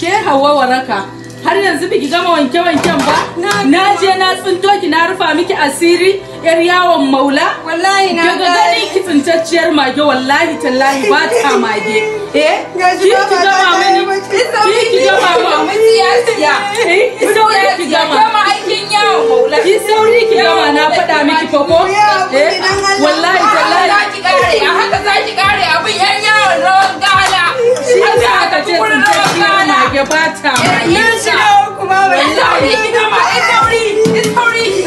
ke hawa waraka har yanzu biki gama wanke wanken ba na je na tsinto ki na rufa miki asiri yar yawon maula wallahi na ga gani ki tsintacciyar mage wallahi tallahi ba ta mage eh ki ki gama mini ki ki gama ya ki sauri ki aikin yawon maula na faɗa miki ko eh? wallahi tallahi haka ya bata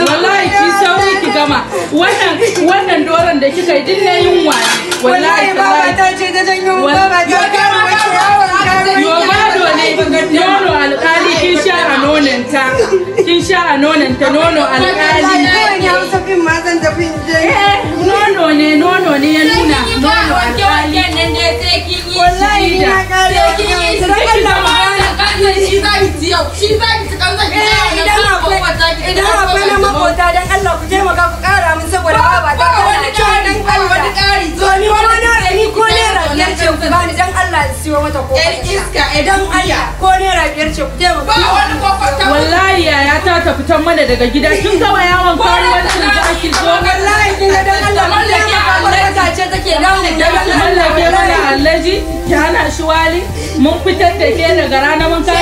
wallahi ki gama wannan wannan da kika yi dinna yin wa wallahi baba ta ce ta baba ne nono alƙali kin sha nonanta kin sha a nonanta eh, nono ne nono ne ya nuna nono alƙali wallahi na shi za ki ci kan zaki eh, idan akwai idan akwai na makota dan Allah ku taimaka ku kara min saboda ba ta kana da dan Allah wani kari to ni wani na ni ko naira biyar ce ku bani dan Allah in siyo mata ko yar iska idan Allah ko naira biyar ce ku taimaka ba wani kokota wallahi yaya ta ta fitan mana daga gida kin gama yawon karuwancin da ake zo wallahi kin ga dan Allah mun taimaka mallaka ce take damu dan Allah mallake mana allaji ki hana shi wali mun fitar da ke daga rana mun kai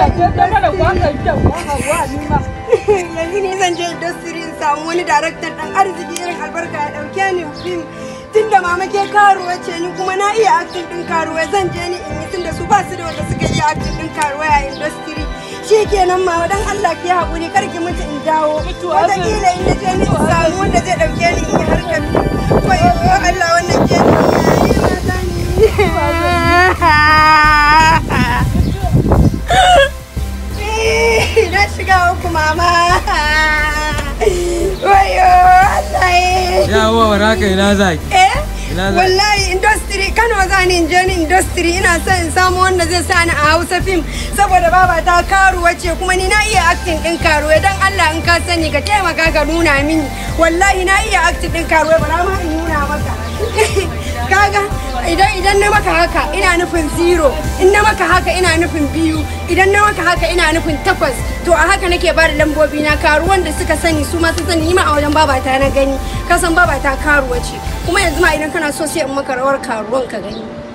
yanzu ne zan je industry in samu wani daraktan dan arziki irin albarka ya dauke ni film tun da mama ke karuwa ce ni kuma na iya acting din karuwa zan je ni in yi da su ba su da wanda suka iya acting din karuwa a industry shi kenan ma dan Allah ki haƙuri kar ki mutu in dawo wataƙila in je ni samu wanda zai dauke ni in yi harkar ko Allah wani. na shiga uku mama wayo Allah ya waraka ina zaki eh wallahi industry Kano zani in je ni industry ina son in samu wanda zai sa ni a Hausa film saboda baba ta karuwa ce kuma ni na iya acting din karuwa dan Allah in ka sani ka taimaka ka nuna mini wallahi na iya acting din karuwa bara ma in nuna maka kaga idan idan na maka haka ina nufin zero in na maka haka ina nufin biyu idan na maka haka ina nufin takwas to a haka nake bada lambobi na karuwan da suka sani su ma sun sani ni ma a wajen babata na gani kasan san babata karuwa ce kuma yanzu ma idan kana so sai in maka rawar karuwan ka gani